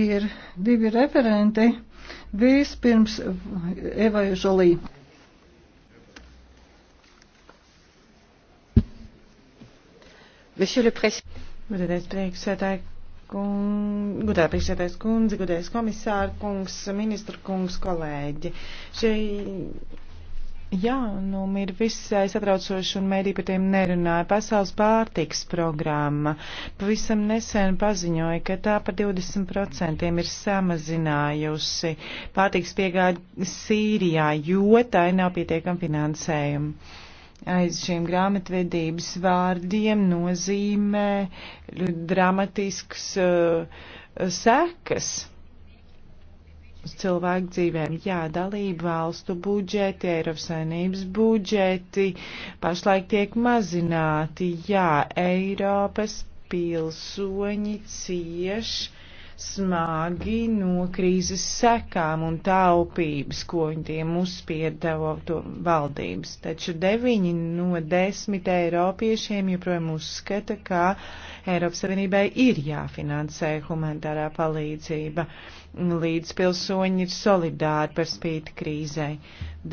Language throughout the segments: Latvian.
Ir divi referenti. Vispirms Eva Žolī. Gudētais priekšsēdētāji kundze, gudētais priekšsēdētājs kundze, gudētais komisāra kungs, ministra kungs, kolēģi. Šie Jā, nu, ir visai satraucoši un mēdī par tiem nerunāja. Pasaules pārtiks programma pavisam nesen paziņoja, ka tā par 20% ir samazinājusi pārtiks piegādi Sīrijā, jo tai nav pietiekam finansējumu. Aiz šiem grāmatvedības vārdiem nozīmē dramatisks uh, sekas uz cilvēku dzīvēm. Jā, dalību valstu budžeti, Eiropas saimnības budžeti pašlaik tiek mazināti. Jā, Eiropas pilsoņi cieši smagi no krīzes sekām un taupības, ko viņiem uzspieda to valdības. Taču deviņi no desmit eiropiešiem joprojām uzskata, ka Eiropas Savienībai ir jāfinansē humanitārā palīdzība. Līdz pilsoņi ir solidāri par spīti krīzai.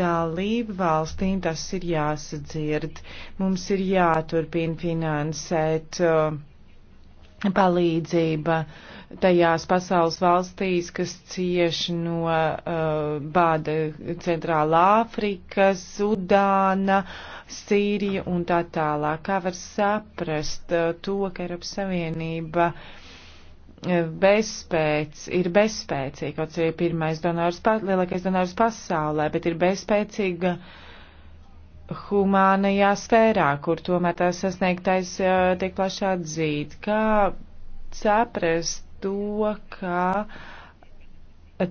Dalību valstīm tas ir jāsadzird. Mums ir jāturpina finansēt uh, palīdzība tajās pasaules valstīs, kas cieš no uh, bāda Centrāla Āfrika, Sudāna, Sīrija un tā tālāk. Kā var saprast uh, to, ka Eiropas Savienība uh, bezspēc, ir bezspēcīga, kaut arī pirmais donors, lielākais donors pasaulē, bet ir bezspēcīga uh, humānajā sfērā, kur tomēr tas sasniegtais tiek plaši atzīt. Kā saprast to, ka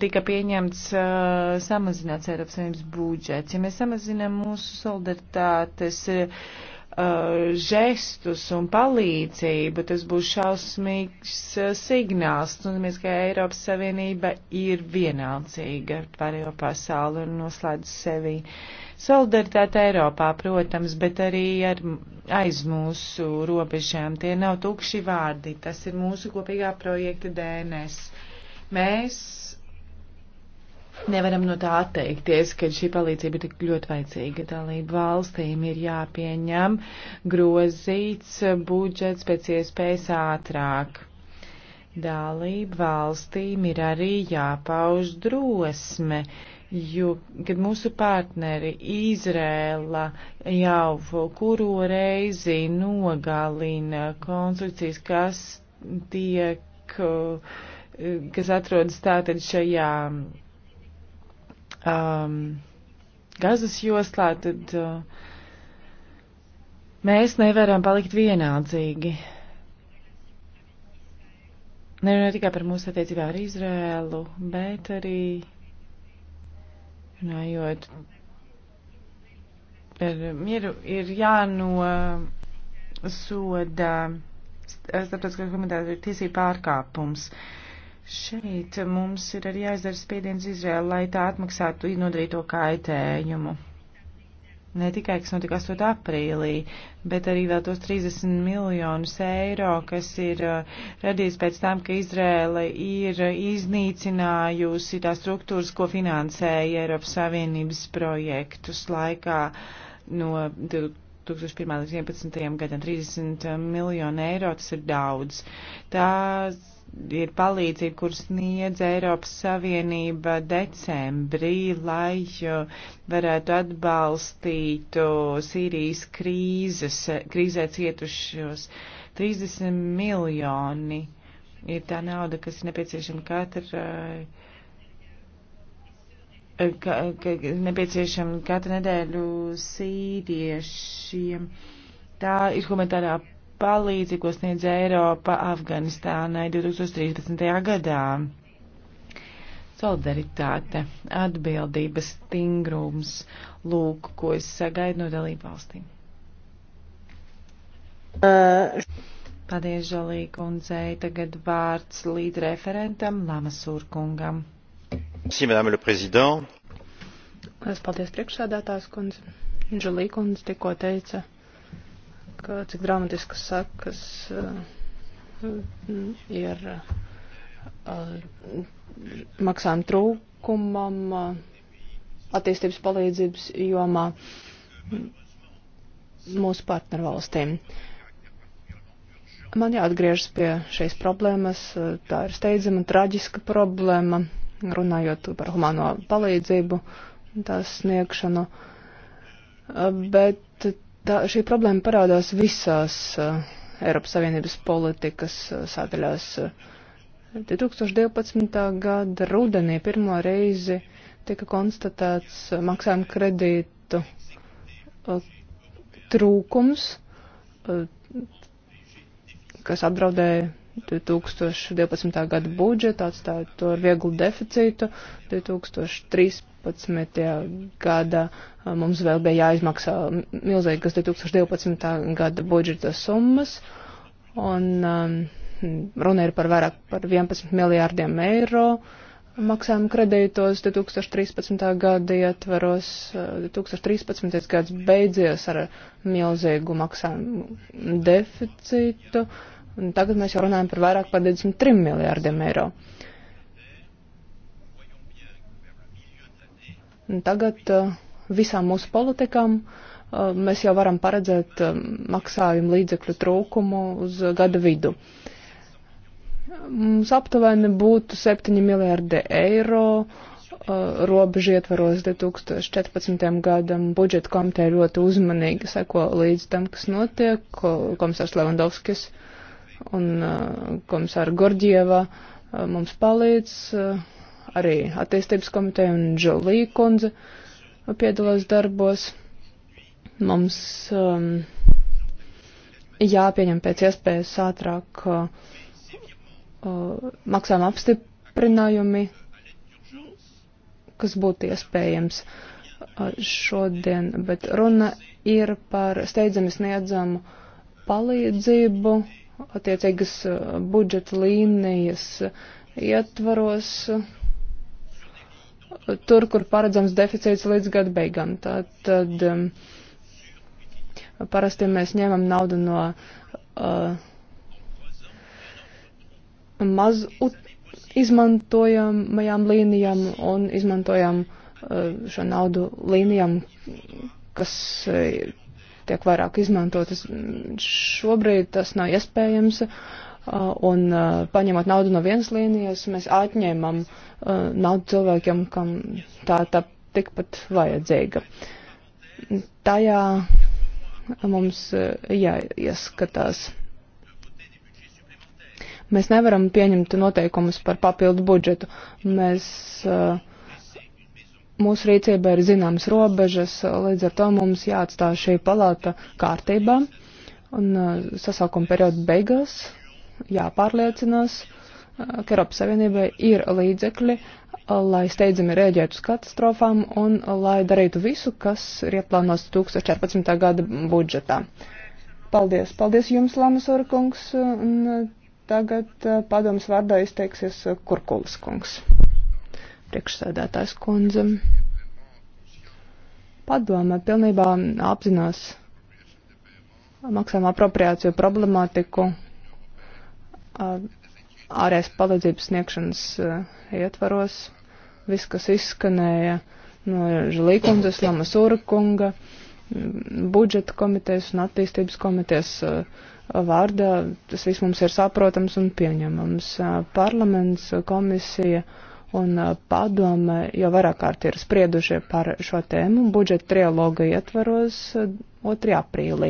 tika pieņemts uh, samazināts Eiropas Savienības budžets? Ja mēs samazinām mūsu solidaritātes uh, žestus un palīdzību, tas būs šausmīgs uh, signāls. Nozīmēs, ka Eiropas Savienība ir vienalcīga ar pārējo pasauli un noslēdz sevi. Uh, Solidaritāte Eiropā, protams, bet arī ar, aiz mūsu robežām. Tie nav tukši vārdi, tas ir mūsu kopīgā projekta DNS. Mēs nevaram no tā atteikties, ka šī palīdzība ir tik ļoti vajadzīga. Dalību valstīm ir jāpieņem grozīts budžets pēc iespējas ātrāk. Dalību valstīm ir arī jāpauž drosme jo, kad mūsu partneri Izrēla jau kuro reizi nogalina konstrukcijas, kas tiek, kas atrodas tātad šajā um, gazas joslā, tad uh, mēs nevaram palikt vienaldzīgi. Nerunāju tikai par mūsu attiecībā ar Izrēlu, bet arī runājot par mieru, ir jānosoda starptautiskā komentāra tiesība pārkāpums. Šeit mums ir arī jāizdara spiediens Izraēla, lai tā atmaksātu nodarīto kaitējumu ne tikai, kas notika 8. aprīlī, bet arī vēl tos 30 miljonus eiro, kas ir uh, radījis pēc tam, ka Izrēla ir iznīcinājusi tās struktūras, ko finansēja Eiropas Savienības projektus laikā no 2001 līdz 2011 gadam 30 miljonu eiro, tas ir daudz. Tās ir palīdzība, kuras sniedz Eiropas Savienība decembrī, lai varētu atbalstīt Sīrijas krīzes, krīzē cietušos 30 miljoni. Ir tā nauda, kas ir nepieciešama katrai. Ka, ka nepieciešama katru nedēļu sīriešiem. Tā ir humanitārā palīdzību, ko sniedz Eiropa Afganistānai 2013. gadā. Solidaritāte, atbildības stingrums, lūk, ko es sagaidu no dalību valstīm. Uh. Paldies, Žalī kundzei. Tagad vārds līdz referentam Lamasūr kungam. Si, madame le président. Es paldies priekšsēdētājs kundze. Žalī kundze tikko teica ka cik dramatiskas sakas eh, ir eh, maksājuma trūkumam eh, attīstības palīdzības jomā mūsu partnervalstīm. Man jāatgriežas pie šīs problēmas. Tā ir steidzama, traģiska problēma, runājot par humano palīdzību, tās sniegšanu. Bet Tā, šī problēma parādās visās uh, Eiropas Savienības politikas uh, sādaļās. 2012. gada rudenī pirmo reizi tika konstatēts uh, maksājuma kredītu uh, trūkums, uh, kas apdraudēja 2012. gada budžetu, atstājot to ar vieglu deficītu. 2013. gada mums vēl bija jāizmaksā milzīgas 2012. gada budžeta summas, un um, runa ir par vairāk par 11 miljārdiem eiro. Maksājuma kredītos 2013. gada ietvaros, 2013. gads beidzies ar milzīgu maksājumu deficītu. Uh, Un tagad mēs jau runājam par vairāk par 23 miljārdiem eiro. Un tagad uh, visām mūsu politikām uh, mēs jau varam paredzēt uh, maksājumu līdzekļu trūkumu uz gada vidu. Mums aptuveni būtu 7 miljārdi eiro robežu ietvaros 2014. gadam. Budžeta komiteja ļoti uzmanīgi seko līdz tam, kas notiek. Komisārs Levandovskis uh, un komisāra Gorģieva mums palīdz, arī attīstības komiteja un Žolī kundze piedalās darbos. Mums um, jāpieņem pēc iespējas ātrāk uh, maksājuma apstiprinājumi, kas būtu iespējams uh, šodien, bet runa ir par steidzami sniedzamu palīdzību. Uh, attiecīgas uh, budžeta līnijas ietvaros, tur, kur paredzams deficīts līdz gada beigām. Tātad um, parasti mēs ņemam naudu no uh, maz izmantojamajām līnijām un izmantojam uh, šo naudu līnijām, kas uh, tiek vairāk izmantotas. Šobrīd tas nav iespējams. Un paņemot naudu no vienas līnijas, mēs atņemam naudu cilvēkiem, kam tā, tā tikpat vajadzīga. Tajā mums jāieskatās. Mēs nevaram pieņemt noteikumus par papildu budžetu. Mēs uh, mūsu rīcība ir zināmas robežas, līdz ar to mums jāatstāj šī palāta kārtībā. Un uh, sasaukuma perioda beigās jāpārliecinās, uh, ka Eiropas Savienībai ir līdzekļi, uh, lai steidzami rēģētu uz katastrofām un lai darītu visu, kas ir ieplānots 2014. gada budžetā. Paldies, paldies jums, Lamas Urkungs, un tagad padomas vārdā izteiksies Kurkulis kungs priekšsēdētājs kundze. Padome pilnībā apzinās maksājuma apropriāciju problemātiku ārējās palīdzības sniegšanas ietvaros. Viss, kas izskanēja no Žilīkundas, Lamas Urkunga, budžeta komitejas un attīstības komitejas vārdā, tas viss mums ir saprotams un pieņemams. Parlaments, komisija un uh, padome jau vairāk kārt ir spriedušie par šo tēmu budžeta trialoga ietvaros 2. Uh, aprīlī.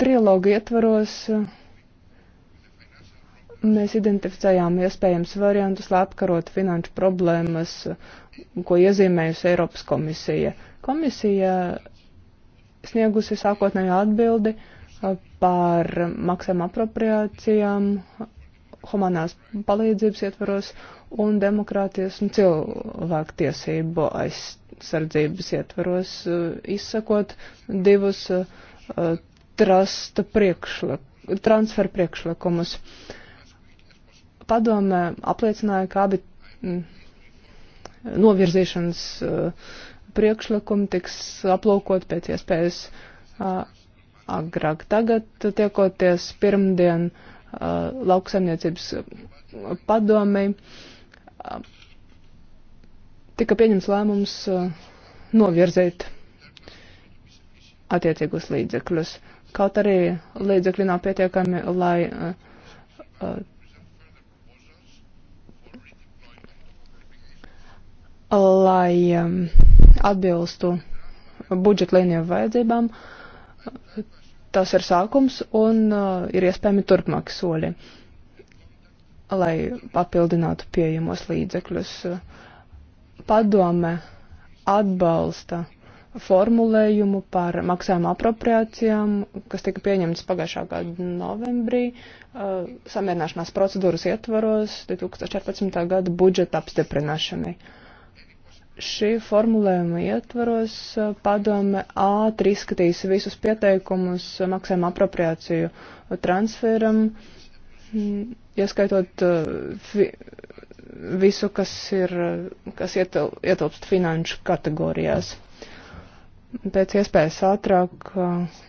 Trialoga ietvaros uh, mēs identificējām iespējams variantus, lai apkarot finanšu problēmas, ko iezīmējusi Eiropas komisija. Komisija sniegusi sākotnēju atbildi par maksājuma apropriācijām humanās palīdzības ietvaros un demokrātijas un cilvēktiesību aizsardzības ietvaros, eh, izsakot divus eh, trasta priekšlik, transfer priekšlikumus. Padome apliecināja, ka abi mm, novirzīšanas eh, priekšlikumi tiks aplūkot pēc iespējas agrāk. Tagad tiekoties pirmdien uh, Uh, lauksaimniecības uh, padomei uh, tika pieņems lēmums novirzēt attiecīgus līdzekļus. Kaut arī līdzekļi nav pietiekami, lai, lai um, atbilstu budžetlīniju vajadzībām. Uh, tas ir sākums un uh, ir iespējami turpmāki soļi, lai papildinātu pieejamos līdzekļus. Padome atbalsta formulējumu par maksājuma apropriācijām, kas tika pieņemts pagājušā gada novembrī, uh, samierināšanās procedūras ietvaros 2014. gada budžeta apstiprināšanai. Uh, šī formulējuma ietvaros eh, padome ātri izskatīs visus pieteikumus eh, maksājuma apropriāciju transferam, mm, ieskaitot eh, fi, visu, kas, ir, kas ietil, ietilpst finanšu kategorijās. Pēc iespējas ātrāk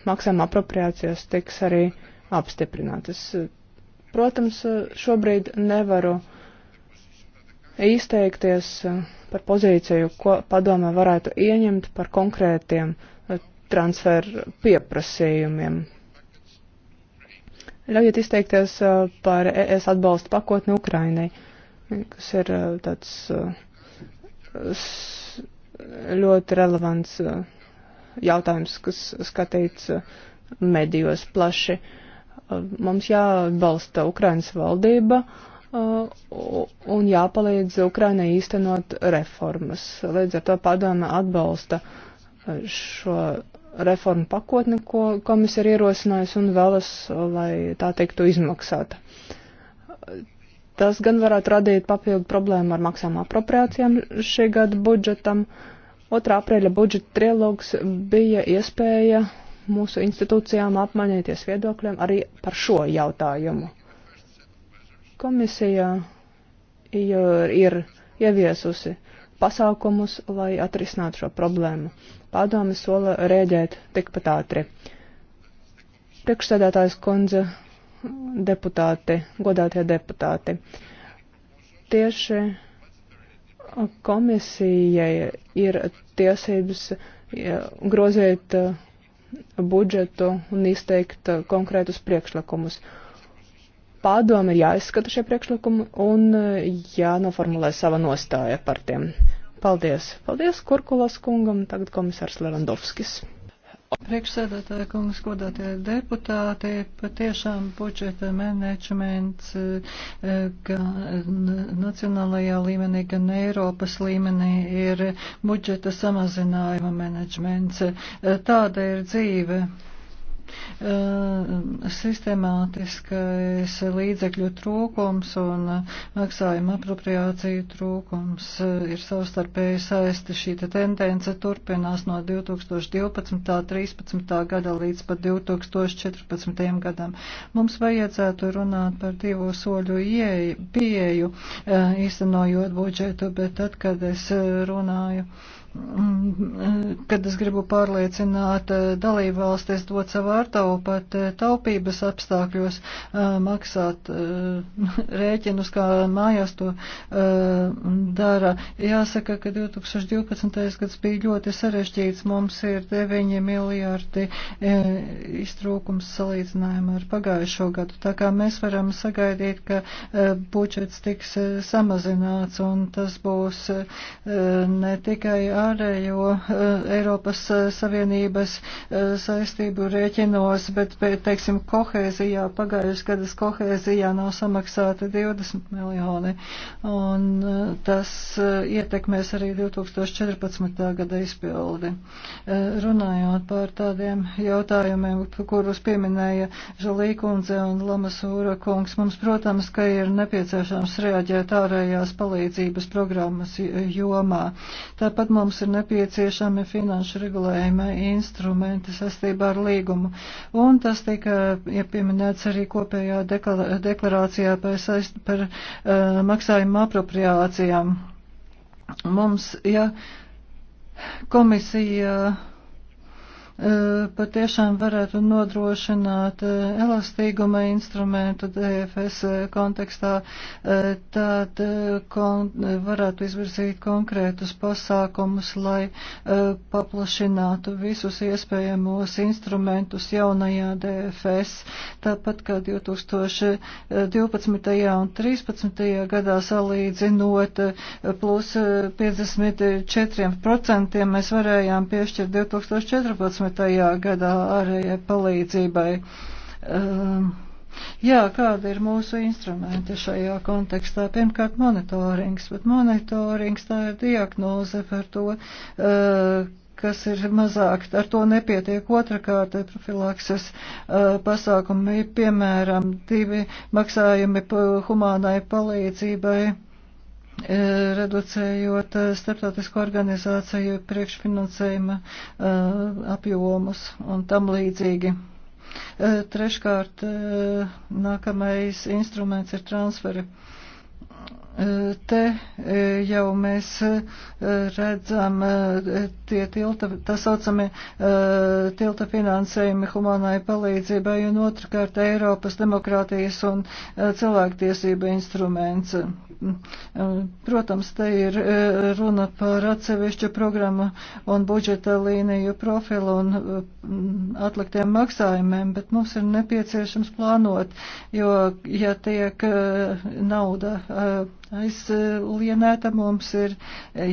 maksājuma apropriācijas tiks arī apstiprinātas. Protams, šobrīd nevaru izteikties eh, par pozīciju, ko padomē varētu ieņemt par konkrētiem eh, transferu pieprasījumiem. Ļaujiet izteikties eh, par ES atbalstu pakotni Ukrainai, kas ir tāds ļoti relevants jautājums, kas skatīts medijos plaši. Mums jāatbalsta Ukrainas valdība, uh, Uh, un jāpalīdz Ukrainai īstenot reformas. Līdz ar to padome atbalsta uh, šo reformu pakotni, ko komisija ir ierosinājusi un vēlas, uh, lai tā teiktu, izmaksāta. Tas gan varētu radīt papildu problēmu ar maksām apropriācijām šī gada budžetam. 2. aprīļa budžeta trilogs bija iespēja mūsu institūcijām apmainīties viedokļiem arī par šo jautājumu. Komisija jau ir ieviesusi pasākumus, lai atrisinātu šo problēmu. Pārdomi sola rēģēt tikpat ātri. Priekšsēdētājs kundze, deputāti, godātie deputāti. Tieši komisijai ir tiesības grozēt uh, budžetu un izteikt uh, konkrētus priekšlikumus. Pādoma ir jāizskata šie priekšlikumi un eh, jānoformulē sava nostāja par tiem. Paldies. Paldies Kurkulas kungam, tagad komisārs Levandovskis. Priekšsēdētāja kungs, godātie deputāti, patiešām budžeta menedžments eh, gan eh, nacionālajā līmenī, gan Eiropas līmenī ir budžeta samazinājuma menedžments. Tāda ir dzīve. Eh, sistemātiskais līdzekļu trūkums un maksājuma apropriāciju trūkums eh, ir savstarpēji saisti. Šī te tendence turpinās no 2012. 13. gada līdz pat 2014. gadam. Mums vajadzētu runāt par divu soļu ieeju, pieeju, eh, īstenojot budžetu, bet tad, kad es runāju Mm, mm, kad es gribu pārliecināt eh, dalībvalstis dot savu ārtavu pat eh, taupības apstākļos eh, maksāt rēķinus, kā mājās to dara. Jāsaka, ka 2012. gads bija ļoti sarežģīts. Mums ir 9 miljārdi iztrūkums salīdzinājumā ar pagājušo gadu. Tā kā mēs varam sagaidīt, ka budžets tiks samazināts un tas būs ne tikai ārējo eh, Eiropas eh, Savienības eh, saistību rēķinos, bet, teiksim, kohēzijā, pagājušas gadas kohēzijā nav samaksāti 20 miljoni, un tas ietekmēs arī 2014. gada izpildi. Runājot par tādiem jautājumiem, kurus pieminēja Žalīkundze un Lamasūra kungs, mums, protams, ka ir nepieciešams reaģēt ārējās palīdzības programmas jomā. Tāpat mums mums ir nepieciešami finanšu regulējuma instrumenti sastībā ar līgumu. Un tas tika iepieminēts arī kopējā deklarācijā par, saist, par uh, maksājumu apropriācijām. Mums, ja komisija. Uh, Eh, patiešām varētu nodrošināt eh, elastīguma instrumentu DFS eh, kontekstā, tad kon varētu izvirzīt konkrētus pasākumus, lai paplašinātu visus iespējamos instrumentus jaunajā DFS. Tāpat kā 2012. un 2013. gadā salīdzinot plus 54% mēs varējām piešķirt 2014 15. gadā ārējai palīdzībai. Um, Jā, kādi ir mūsu instrumenti šajā kontekstā? Pirmkārt, monitorings, bet monitorings tā ir diagnoze par to, uh, kas ir mazāk, ar to nepietiek otrakārt profilakses uh, pasākumi, piemēram, divi maksājumi humānai palīdzībai reducējot eh, starptautisko organizāciju priekšfinansējuma eh, apjomus un tam līdzīgi. Eh, treškārt, nākamais instruments ir transferi. Te jau mēs redzam tie tilta, tā saucamie tilta finansējumi humanai palīdzībai un otrkārt Eiropas demokrātijas un cilvēktiesība instruments. Protams, te ir e, runa par atsevišķu programmu un budžeta līniju profilu un mm, atliktiem maksājumiem, bet mums ir nepieciešams plānot, jo, ja tiek e, nauda e, aizlienēta, mums ir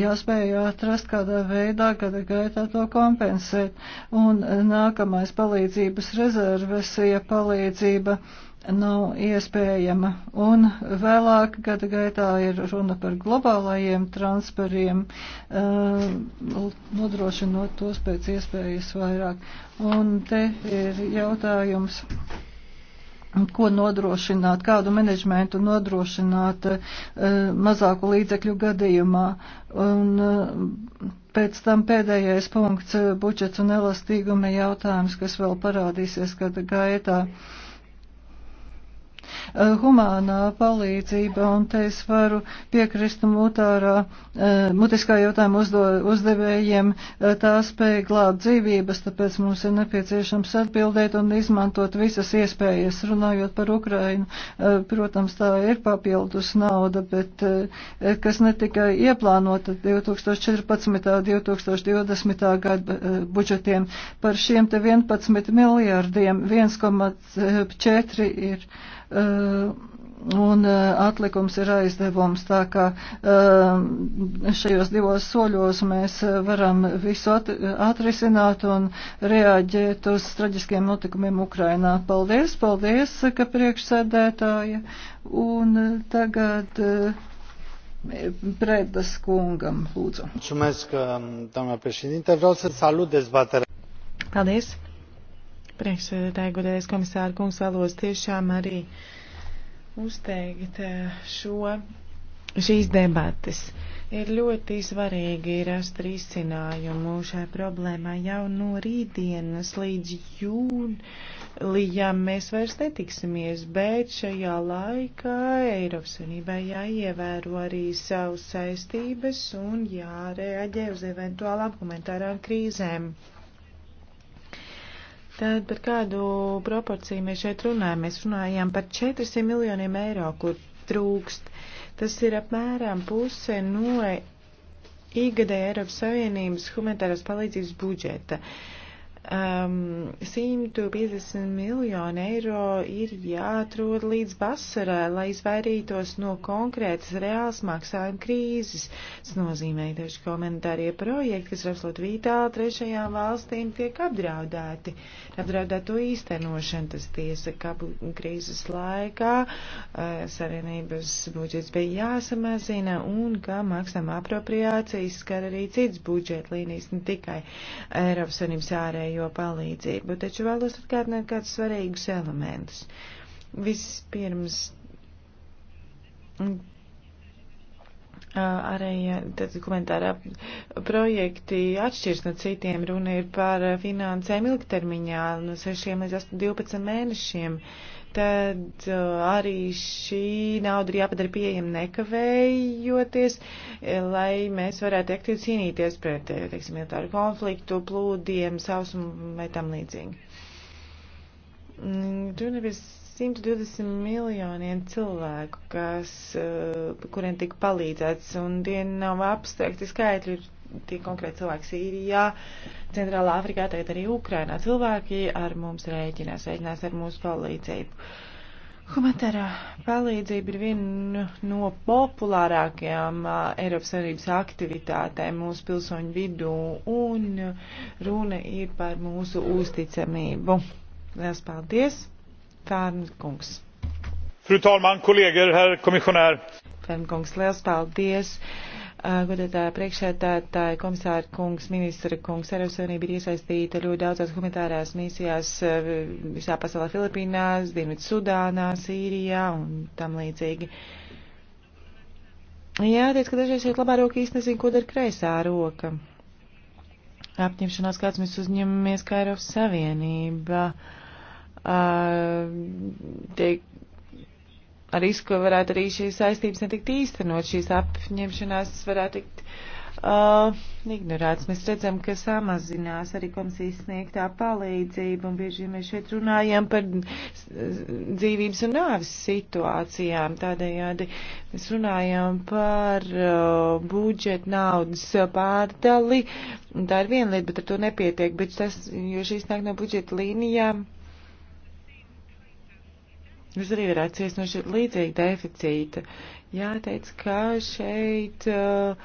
jāspēj atrast kādā veidā, gada gaitā to kompensēt. Un nākamais palīdzības rezerves, ja palīdzība. Uh, nav iespējama. Un vēlāk gada gaitā ir runa par globālajiem transferiem, uh, nodrošinot tos pēc iespējas vairāk. Un te ir jautājums ko nodrošināt, kādu menedžmentu nodrošināt uh, mazāku līdzekļu gadījumā. Un uh, pēc tam pēdējais punkts - budžets un elastīguma jautājums, kas vēl parādīsies gada gaitā. Uh, Eh, humānā palīdzība, un te es varu piekrist mutārā, eh, mutiskā jautājuma uzdo, uzdevējiem, eh, tās spēja glābt dzīvības, tāpēc mums ir nepieciešams atbildēt un izmantot visas iespējas. Runājot par Ukrainu, protams, tā ir papildus nauda, bet kas ne tikai ieplānota 2014. un 2020. gada budžetiem par šiem te 11 miljārdiem, 1,4 ir Eh, un eh, atlikums ir aizdevums. Tā kā eh, šajos divos soļos mēs varam visu atrisināt un reaģēt uz traģiskiem notikumiem Ukrainā. Paldies, paldies, ka priekšsēdētāja. Un tagad. Predas kungam, lūdzu. Mulțumesc, doamna președinte. Vreau să salut dezbaterea. Paldies. Priekšsēdētāji, godējais komisāri kungs, vēlos tiešām arī uzteikt eh, šo, šīs debates. Ir ļoti svarīgi rast risinājumu šai problēmai jau no rītdienas līdz jūlijam mēs vairs netiksimies, bet šajā laikā Eiropas Unībai jāievēro arī savas saistības un jārēģē uz eventuālām humanitārām krīzēm. Tad par kādu proporciju mēs šeit runājam? Mēs runājam par 400 miljoniem eiro, kur trūkst. Tas ir apmēram puse no igadē Eiropas Savienības humanitāras palīdzības budžeta. Uh, um, 150 miljoni eiro ir jāatrod līdz vasarai, lai izvairītos no konkrētas reāls maksājuma krīzes. Tas nozīmē, ka daži komentārie projekti, kas rakstot vitāli trešajām valstīm, tiek apdraudēti. Apdraudēto īstenošanu tas tiesa, ka krīzes laikā uh, savienības budžets bija jāsamazina un ka maksājuma apropriācijas skar arī cits budžeta līnijas, ne tikai Eiropas Savienības ārēji ārējo palīdzību, taču vēlos atkārtināt kādus svarīgus elementus. Vispirms arī komentārā projekti atšķirs no citiem. Runa ir par finansēm ilgtermiņā no 6 līdz 12 mēnešiem. Uh, tad uh, arī šī nauda ir jāpadara pieejama nekavējoties, eh, lai mēs varētu aktīvi cīnīties pret, eh, teiksim, militāru konfliktu, plūdiem, sausumu vai tam līdzīgi. Mm, runa ir 120 miljoniem cilvēku, kas, eh, kuriem tika palīdzēts, un tie nav abstrakti skaitļi, ir tik konkrēti cilvēki Sīrijā, Centrālā Afrikā, tagad arī Ukrainā. Cilvēki ar mums rēķinās, rēķinās ar mūsu palīdzību. Humanitārā palīdzība ir viena no populārākajām Eiropas Savienības aktivitātēm mūsu pilsoņu vidū, un runa ir par mūsu uzticamību. Lielas paldies, Fārns kungs! Fru talman, kolēģi, herr komisionēr! Fārns kungs, liels paldies! Uh, Godētāja priekšētātāja, komisāra kungs, ministra kungs, Eiropas Savienība ir iesaistīta ļoti daudzās humanitārās misijās eh, visā pasaulē Filipīnās, Dienvidu Sudānā, Sīrijā un tam līdzīgi. Jā, teic, ka dažreiz šeit labā roka īsti nezinu, ko dara kreisā roka. Apņemšanās kāds mēs uzņemamies kā Eiropas Savienība. Uh, tiek ar risku varētu arī šīs saistības netikt īstenot, šīs apņemšanās varētu tikt uh, ignorēts. Mēs redzam, ka samazinās arī komisijas sniegtā palīdzība, un bieži mēs šeit runājam par dzīvības un nāvis situācijām. Tādējādi mēs runājam par uh, budžeta naudas pārdali, un tā ir viena lieta, bet ar to nepietiek, bet tas, jo šīs nāk no budžeta līnijām. Uh, Jūs arī varētu ciest no šī līdzīga deficīta. Jāteic, ka šeit uh,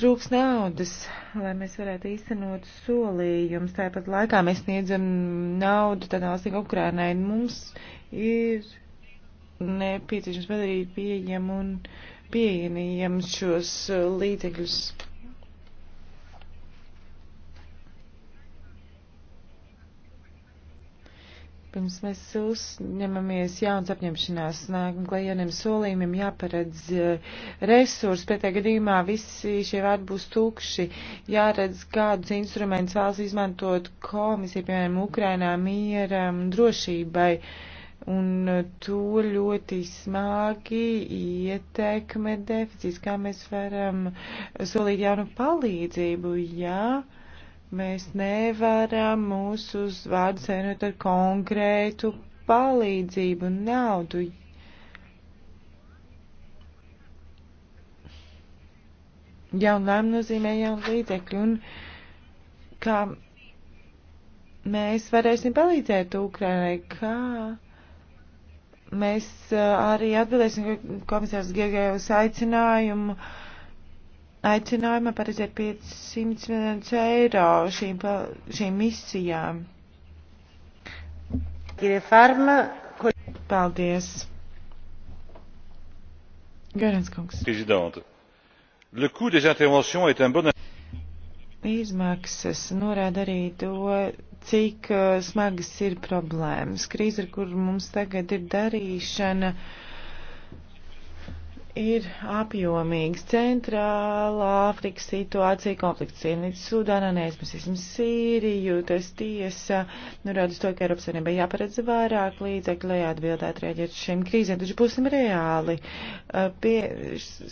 trūks naudas, lai mēs varētu īstenot solījumus. Tāpat laikā mēs sniedzam naudu tādā valstī kā Ukrainai. Mums ir nepieciešams padarīt pieejam un pieejamiem šos uh, līdzekļus. Pirms mēs uzņemamies jauns apņemšanās, nākamajiem solījumiem jāparedz eh, resursi, pretējā gadījumā visi šie vārdi būs tukši, jāredz kādus instrumentus vēlas izmantot komisija, piemēram, Ukrainā mieram, drošībai, un eh, to ļoti smagi ietekme deficīts, kā mēs varam eh, solīt jaunu palīdzību, jā. Ja? Mēs nevaram mūsu uzvārdu sēnot ar konkrētu palīdzību un naudu. Jauna lēma nozīmē jaunu līdzekļu un kā mēs varēsim palīdzēt Ukrainai, kā mēs uh, arī atbildēsim komisārs Giegējus aicinājumu. Uh, aicinājuma paredzēt 500 miljonus eiro šīm, šīm misijām. Paldies. Garants kungs. Le coût des interventions est un bon izmaksas norāda arī to, cik uh, smagas ir problēmas. Krīze, ar kur mums tagad ir darīšana, uh, ir apjomīgs. Centrāla Āfrikas situācija, konflikts Sienītas Sudānā, neizmasīsim Sīriju, tas tiesa, nu rādus to, ka Eiropas Savienībai jāparedz vairāk līdzekļu, lai atbildētu rēģēt šiem krīzēm, taču būsim reāli. Uh, pie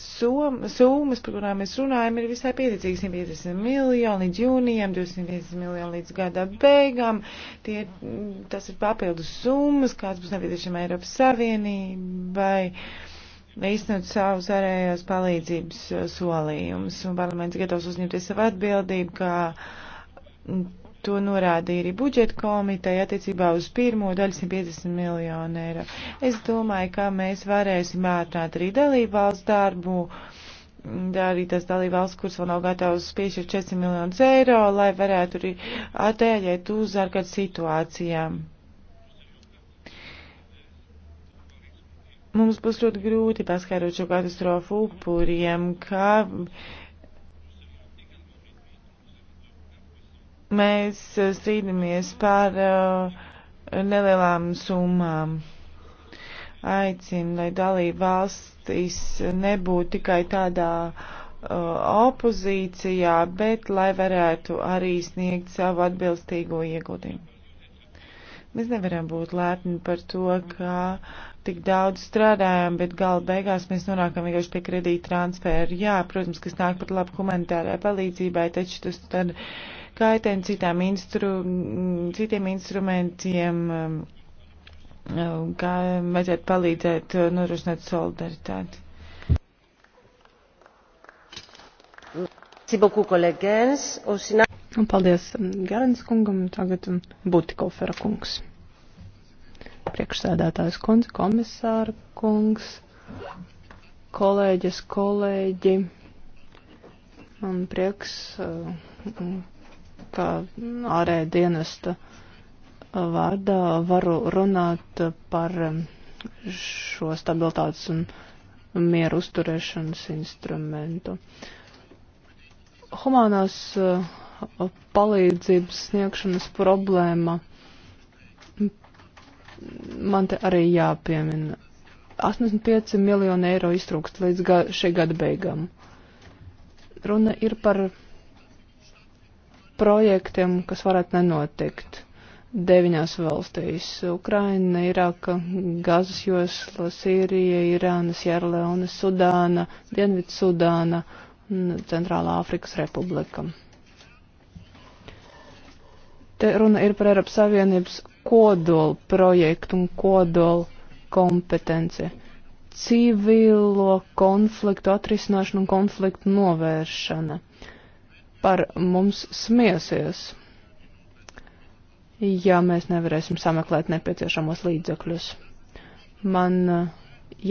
sum, summas, par kurām mēs runājam, ir visai pieticīgas 150 miljoni līdz jūnijam, 250 miljoni līdz gada beigām. Tie, tas ir papildus summas, kāds būs nepieciešama Eiropas Savienībai īstenot savus ārējās palīdzības uh, solījumus. Un parlaments gatavs uzņemties savu atbildību, kā mm, to norādīja arī budžeta komiteja attiecībā uz pirmo daļu 150 miljonu eiro. Es domāju, ka mēs varēsim ātrināt arī dalību valsts darbu. Mm, arī tas dalība valsts, kuras vēl nav gatavs piešķirt 400 miljonus eiro, lai varētu arī atēļēt uz ārkārtas situācijām. Mums būs ļoti grūti paskārot šo katastrofu upuriem, kā mēs strīdamies par uh, nelielām summām. Aicinu, lai dalība valstis nebūtu tikai tādā uh, opozīcijā, bet lai varētu arī sniegt savu atbilstīgo ieguldījumu. Mēs nevaram būt lēpni par to, ka tik daudz strādājam, bet gala beigās mēs nonākam vienkārši pie kredīta transferu. Jā, protams, kas nāk pat labu humanitārai palīdzībai, taču tas tad kaitēn citām instru, citiem instrumentiem, um, um, kā vajadzētu palīdzēt uh, nodrošināt solidaritāti. Merci beaucoup, collègue Gens. Paldies um, Gerens kungam, tagad um, Butikofera kungs. Priekšsēdētājs kundze, komisāra kungs, kolēģis, kolēģi. Man prieks, uh, ka ārēja dienesta uh, vārdā varu runāt par um, šo stabilitātes un mieru uzturēšanas instrumentu. Humānās uh, palīdzības sniegšanas problēma. Man te arī jāpiemina. 85 miljoni eiro iztrūkst līdz ga šī gada beigām. Runa ir par projektiem, kas varētu nenotikt. Deviņās valstīs - Ukraina, Irāka, Gazas josla, Sīrija, Irānas, Jērleona, Sudāna, Dienvidsudāna un Centrālā Āfrikas Republika. Te runa ir par Eiropas Savienības kodolu projektu un kodolu kompetenci. Civilo konfliktu atrisināšana un konfliktu novēršana. Par mums smiesies, ja mēs nevarēsim sameklēt nepieciešamos līdzekļus. Man uh,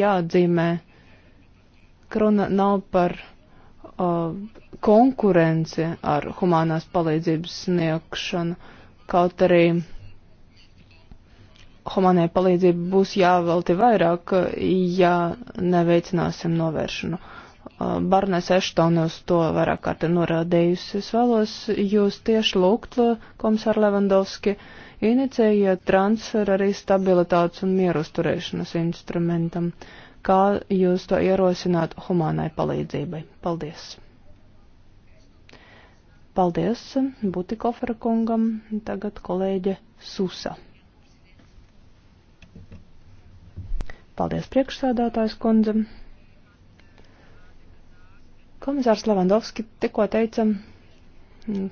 jāatzīmē, ka runa nav par konkurence ar humanās palīdzības sniegšanu, kaut arī humanai palīdzība būs jāvelti vairāk, ja neveicināsim novēršanu. Barnes Eštone uz to vairāk kārt ir norādījusi. Es vēlos jūs tieši lūgt, komisār Levandovski, inicējiet transferu arī stabilitātes un mieru uzturēšanas instrumentam. Uh, kā jūs to ierosināt humānai palīdzībai. Paldies! Paldies Butikofera kungam, tagad kolēģe Susa. Paldies priekšsādātājs kundze. Komisārs Levandovski tikko teica,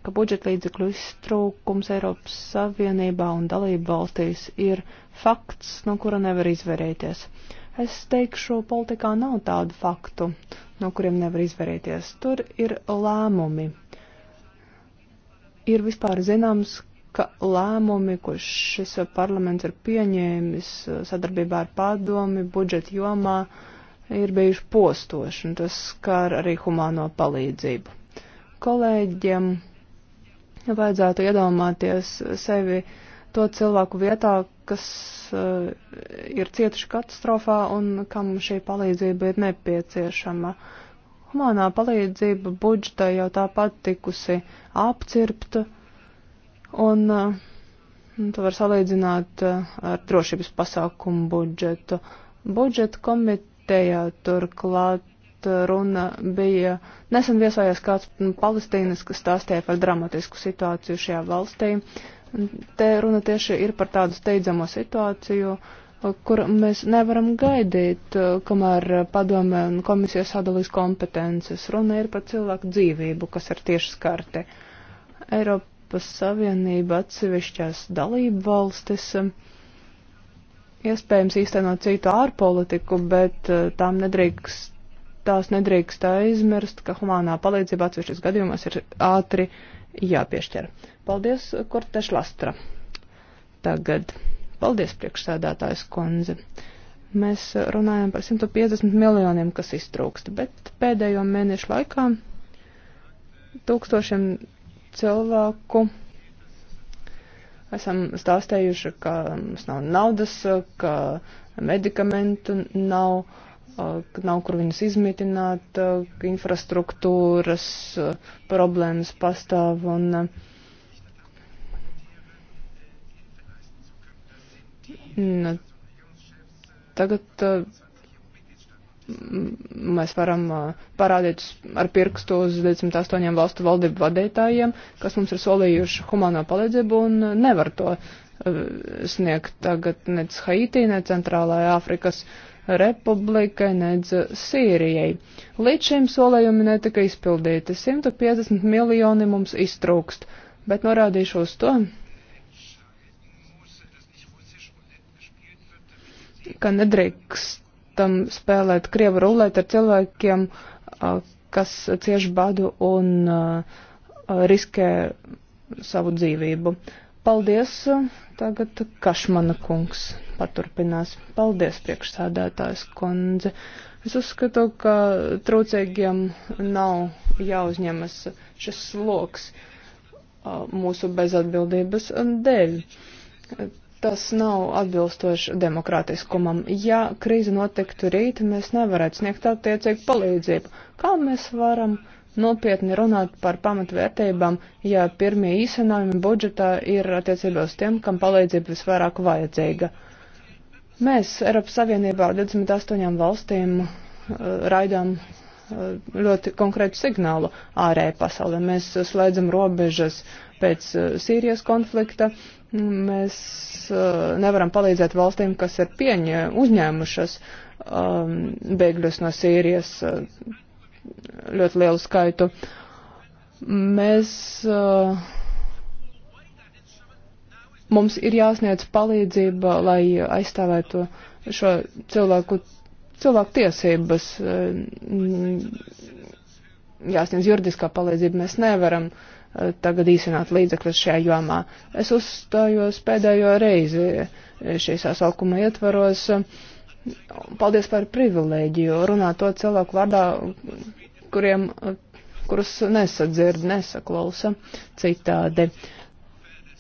ka budžeta līdzekļu iztrūkums Eiropas Savienībā un dalību valstīs ir fakts, no kura nevar izvairīties. Uh, Es teikšu, politikā nav tādu faktu, no kuriem nevar izvairīties. Tur ir lēmumi. Ir vispār zināms, ka lēmumi, ko šis parlaments ir pieņēmis uh, sadarbībā ar padomi budžeta jomā, ir bijuši postoši, un tas skar arī humāno palīdzību. Kolēģiem vajadzētu iedomāties sevi to cilvēku vietā, kas uh, ir cietuši katastrofā un kam šī palīdzība ir nepieciešama. Humanā palīdzība budžetā jau tāpat tikusi apcirpta, un uh, to var salīdzināt uh, ar drošības pasākumu budžetu. Budžeta komitejā turklāt runa bija nesen viesojās kāds palestīnas, kas stāstīja par dramatisku situāciju šajā valstī. Uh, Te runa tieši ir par tādu steidzamo situāciju, kur mēs nevaram gaidīt, kamēr padome un komisija sadalīs kompetences. Runa ir par cilvēku dzīvību, kas ir tieši skarti. Eiropas Savienība atsevišķās dalību valstis iespējams īstenot citu ārpolitiku, bet eh, tām nedrīkst, tās nedrīkst aizmirst, ka humanā palīdzība atsevišķos gadījumos ir ātri jāpiešķir. Paldies, Korteš Lastra. Tagad. Paldies, priekšsēdētājs kundze. Mēs runājam par 150 miljoniem, kas iztrūkst, bet pēdējo mēnešu laikā tūkstošiem cilvēku esam stāstējuši, ka mums nav naudas, ka medikamentu nav nav kur viņus izmitināt, infrastruktūras problēmas pastāv un tagad mēs varam parādīt ar pirkstu uz 28 valstu valdību vadītājiem, kas mums ir solījuši humāno palīdzību un nevar to sniegt tagad nec Haitī, nec Centrālajā Āfrikas. Uh, republikai, nedz Sīrijai. Līdz šim solējumi netika izpildīti. 150 miljoni mums iztrūkst, bet norādīšu uz to, ka nedrīkstam spēlēt krievu rulēt ar cilvēkiem, kas cieš badu un riskē savu dzīvību. Paldies, tagad Kašmana kungs paturpinās. Paldies, priekšsādātājs kundze. Es uzskatu, ka trūcīgiem nav jāuzņemas šis sloks uh, mūsu bezatbildības dēļ. Tas nav atbilstoši demokrātiskumam. Ja krīze notiktu rīt, mēs nevarētu sniegt attiecīgu palīdzību. Kā mēs varam nopietni runāt par pamatvērtībām, ja pirmie īsenojumi budžetā ir attiecībā uz tiem, kam palīdzība visvairāk vajadzīga. Mēs Eiropas Savienībā ar 28 valstīm uh, raidām uh, ļoti konkrētu signālu ārējai pasaulē. Mēs slēdzam robežas pēc uh, Sīrijas konflikta. Mēs uh, nevaram palīdzēt valstīm, kas ir pieņē, uzņēmušas um, bēgļus no Sīrijas uh, ļoti lielu skaitu. Mēs uh, Mums ir jāsniedz palīdzība, lai aizstāvētu šo cilvēku, cilvēku tiesības, mm, jāsniedz juridiskā palīdzība. Mēs nevaram eh, tagad īsināt līdzekļus šajā jomā. Es uzstājos pēdējo reizi eh, šī sasaukuma ietvaros. Paldies par privilēģiju runāt to cilvēku vārdā, kuriem, kurus nesadzird, nesaklausa citādi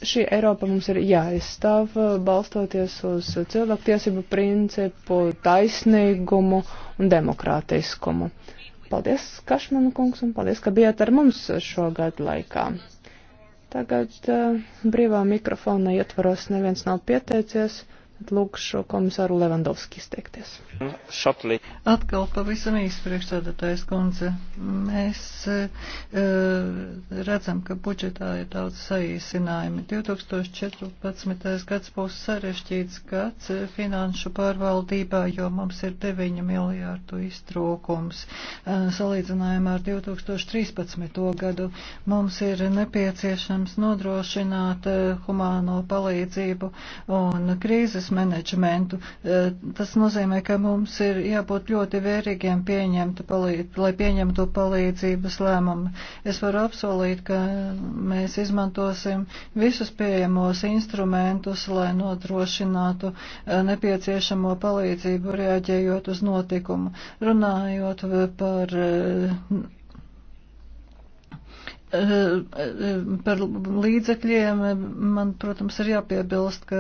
šī Eiropa mums ir jāizstāv balstoties uz cilvēktiesību principu, taisnīgumu un demokrātiskumu. Paldies, Kašmanu kungs, un paldies, ka bijāt ar mums šogad laikā. Tagad uh, brīvā mikrofona ietvaros neviens nav pieteicies. Lūkšu komisāru Levandovski izteikties. Šatlī. Atkal pavisam īsti priekšstādātājs kundze. Mēs e, e, redzam, ka budžetā ir daudz saīsinājumi. 2014. gads būs sarežģīts gads e, finanšu pārvaldībā, jo mums ir 9 miljārdu iztrūkums. E, salīdzinājumā ar 2013. gadu mums ir nepieciešams nodrošināt e, humāno palīdzību un krīzes menedžmentu. E, tas nozīmē, ka mums ir jābūt ļoti vērīgiem, pieņemtu palīd, lai pieņemtu palīdzības lēmumu. Es varu apsolīt, ka mēs izmantosim visus pieejamos instrumentus, lai nodrošinātu e, nepieciešamo palīdzību, reaģējot uz notikumu. Runājot par e, Par līdzekļiem man, protams, ir jāpiebilst, ka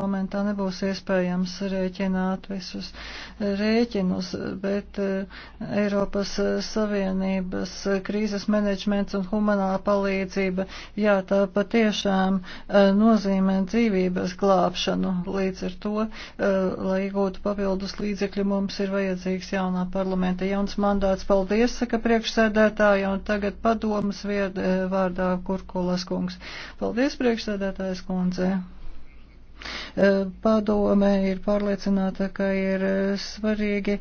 momentā nebūs iespējams rēķināt visus rēķinus, bet eh, Eiropas Savienības krīzes menedžments un humanā palīdzība, jā, tā patiešām eh, nozīmē dzīvības glābšanu. Līdz ar to, eh, lai iegūtu papildus līdzekļu, mums ir vajadzīgs jaunā parlamenta jauns mandāts. Paldies, saka priekšsēdētāja, un tagad padomas vieta tagad e, vārdā Kurkulas kungs. Paldies, priekšsēdētājs kundze. E, padome ir pārliecināta, ka ir e, svarīgi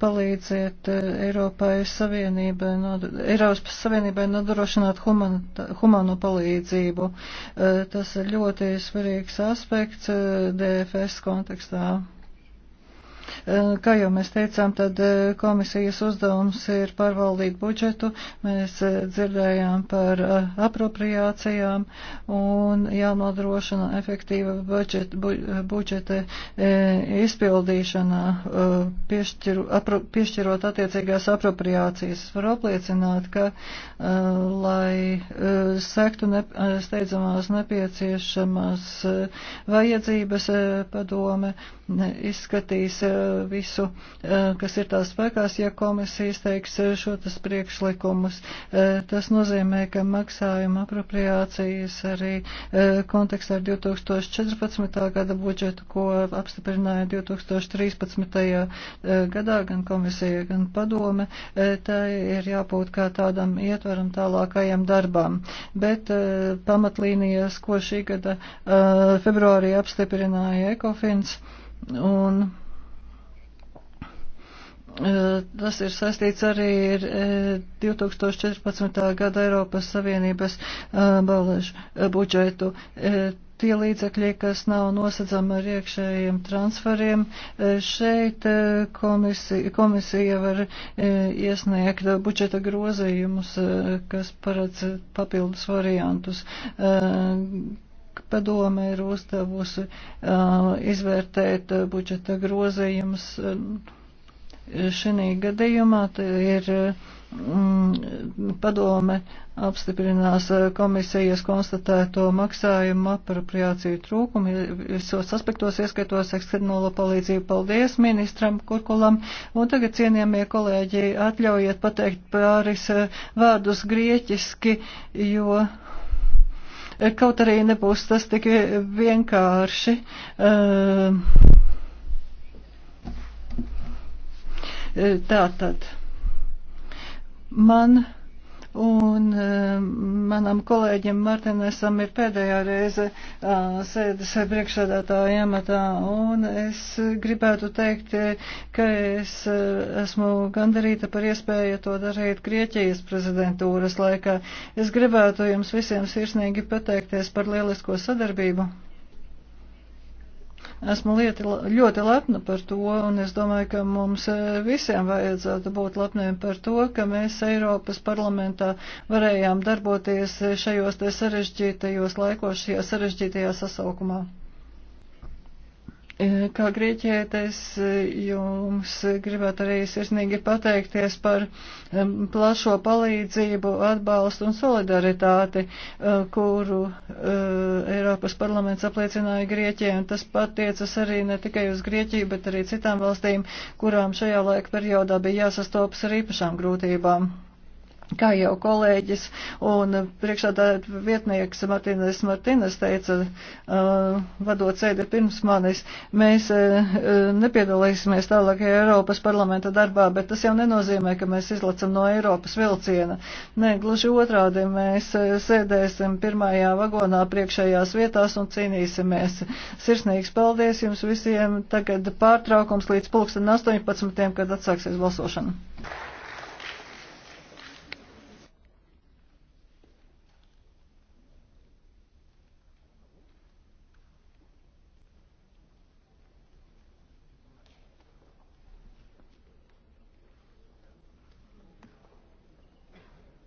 palīdzēt Eiropai Savienībai, Eiropas Savienībai nodrošināt human, humanu palīdzību. Tas ir ļoti svarīgs aspekts DFS kontekstā. Eh, kā jau mēs teicām, tad eh, komisijas uzdevums ir pārvaldīt budžetu. Mēs eh, dzirdējām par apropriācijām un jānodrošina efektīva budžet, bu, budžeta izpildīšana, piešķiru, apro, piešķirot attiecīgās apropriācijas. Es varu apliecināt, ka, lai sektu ne, steidzamās nepieciešamās vajadzības padome, izskatīs Eh, visu, eh, kas ir tās spēkās, ja komisija izteiks eh, šos priekšlikumus. Tas nozīmē, ka maksājuma apropriācijas arī kontekstā ar 2014. gada budžetu, ko apstiprināja 2013. gadā gan komisija, gan padome, tai ir jābūt kā tādam ietveram tālākajam darbam. Bet pamatlīnijas, ko šī gada februārī apstiprināja Ekofins, un Eh, tas ir saistīts arī ar 2014. Eh, gada Eiropas Savienības eh, balēšu budžetu. Tie līdzekļi, kas nav nosacām ar iekšējiem transferiem, šeit komisija, komisija var iesniegt budžeta grozījumus, kas paredz papildus variantus padome ir uzdevusi izvērtēt budžeta grozījumus Šī gadījumā ir mm, padome apstiprinās eh, komisijas konstatēto maksājumu apropriāciju trūkumu visos aspektos, ieskaitos eksternālo palīdzību. Paldies ministram Kurkulam. Un tagad, cienījamie kolēģi, atļaujiet pateikt pāris eh, vārdus grieķiski, jo eh, kaut arī nebūs tas tik vienkārši. Uh, Tātad man un eh, manam kolēģim Martinesam ir pēdējā reize eh, sēdes priekšsēdētāja amatā, un es gribētu teikt, ka es eh, esmu gandarīta par iespēju to darīt Grieķijas prezidentūras laikā. Es gribētu jums visiem sirsnīgi pateikties par lielisko sadarbību. Esmu lieti, ļoti lepna par to, un es domāju, ka mums e, visiem vajadzētu būt lepniem par to, ka mēs Eiropas parlamentā varējām darboties šajos te sarežģītajos laikos, šajā sarežģītajā sasaukumā. E, kā grieķietis e, jums gribētu arī sirsnīgi pateikties par e, plašo palīdzību, atbalstu un solidaritāti, kuru Eiropas parlaments apliecināja Grieķijai, un tas patiecas arī ne tikai uz Grieķiju, bet arī citām valstīm, kurām šajā laika periodā bija jāsastopas ar īpašām grūtībām. Kā jau kolēģis un priekšādātāja vietnieks Martīnas Martīnas teica, uh, vadot sēdi pirms manis, mēs uh, nepiedalīsimies tālākajā Eiropas parlamenta darbā, bet tas jau nenozīmē, ka mēs izlacam no Eiropas vilciena. Nē, gluži otrādi, mēs uh, sēdēsim pirmajā vagonā priekšējās vietās un cīnīsimies. Sirsnīgs paldies jums visiem. Tagad pārtraukums līdz pulksten 18, kad atsāksies balsošana.